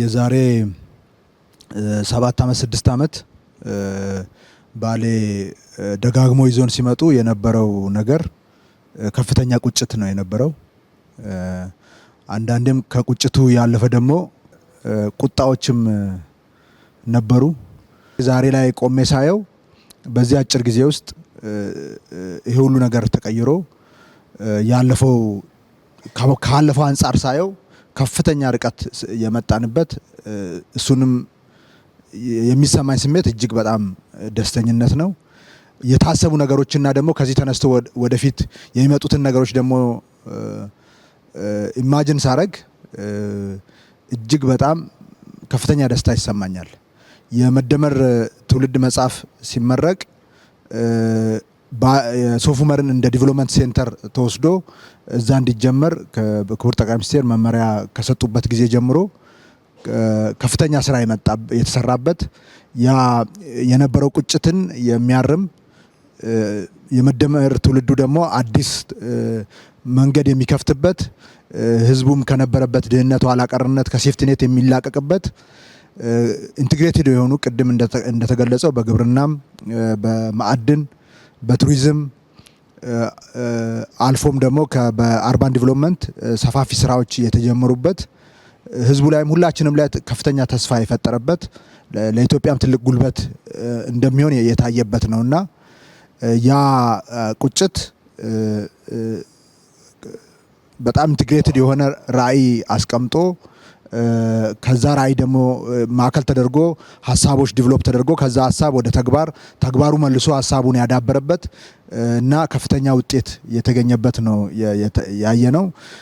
የዛሬ ሰባት ዓመት ስድስት ዓመት ባሌ ደጋግሞ ይዞን ሲመጡ የነበረው ነገር ከፍተኛ ቁጭት ነው የነበረው። አንዳንዴም ከቁጭቱ ያለፈ ደግሞ ቁጣዎችም ነበሩ። ዛሬ ላይ ቆሜ ሳየው በዚህ አጭር ጊዜ ውስጥ ይሄ ሁሉ ነገር ተቀይሮ ያለፈው ካለፈው አንጻር ሳየው ከፍተኛ ርቀት የመጣንበት እሱንም የሚሰማኝ ስሜት እጅግ በጣም ደስተኝነት ነው። የታሰቡ ነገሮችና ደግሞ ከዚህ ተነስቶ ወደፊት የሚመጡትን ነገሮች ደግሞ ኢማጅን ሳረግ እጅግ በጣም ከፍተኛ ደስታ ይሰማኛል። የመደመር ትውልድ መጽሐፍ ሲመረቅ ሶፉመርን እንደ ዲቨሎፕመንት ሴንተር ተወስዶ እዛ እንዲጀመር ክቡር ጠቅላይ ሚኒስቴር መመሪያ ከሰጡበት ጊዜ ጀምሮ ከፍተኛ ስራ የተሰራበት ያ የነበረው ቁጭትን የሚያርም የመደመር ትውልዱ ደግሞ አዲስ መንገድ የሚከፍትበት ህዝቡም ከነበረበት ድህነቱ ኋላቀርነት ከሴፍቲኔት የሚላቀቅበት ኢንትግሬትድ የሆኑ ቅድም እንደተገለጸው በግብርናም በማዕድን በቱሪዝም አልፎም ደግሞ በአርባን ዲቨሎፕመንት ሰፋፊ ስራዎች የተጀመሩበት ህዝቡ ላይም ሁላችንም ላይ ከፍተኛ ተስፋ የፈጠረበት ለኢትዮጵያም ትልቅ ጉልበት እንደሚሆን የታየበት ነው እና ያ ቁጭት በጣም ኢንትግሬትድ የሆነ ራዕይ አስቀምጦ ከዛ ራዕይ ደግሞ ማዕከል ተደርጎ ሀሳቦች ዲቨሎፕ ተደርጎ ከዛ ሀሳብ ወደ ተግባር ተግባሩ መልሶ ሀሳቡን ያዳበረበት እና ከፍተኛ ውጤት የተገኘበት ነው ያየ ነው።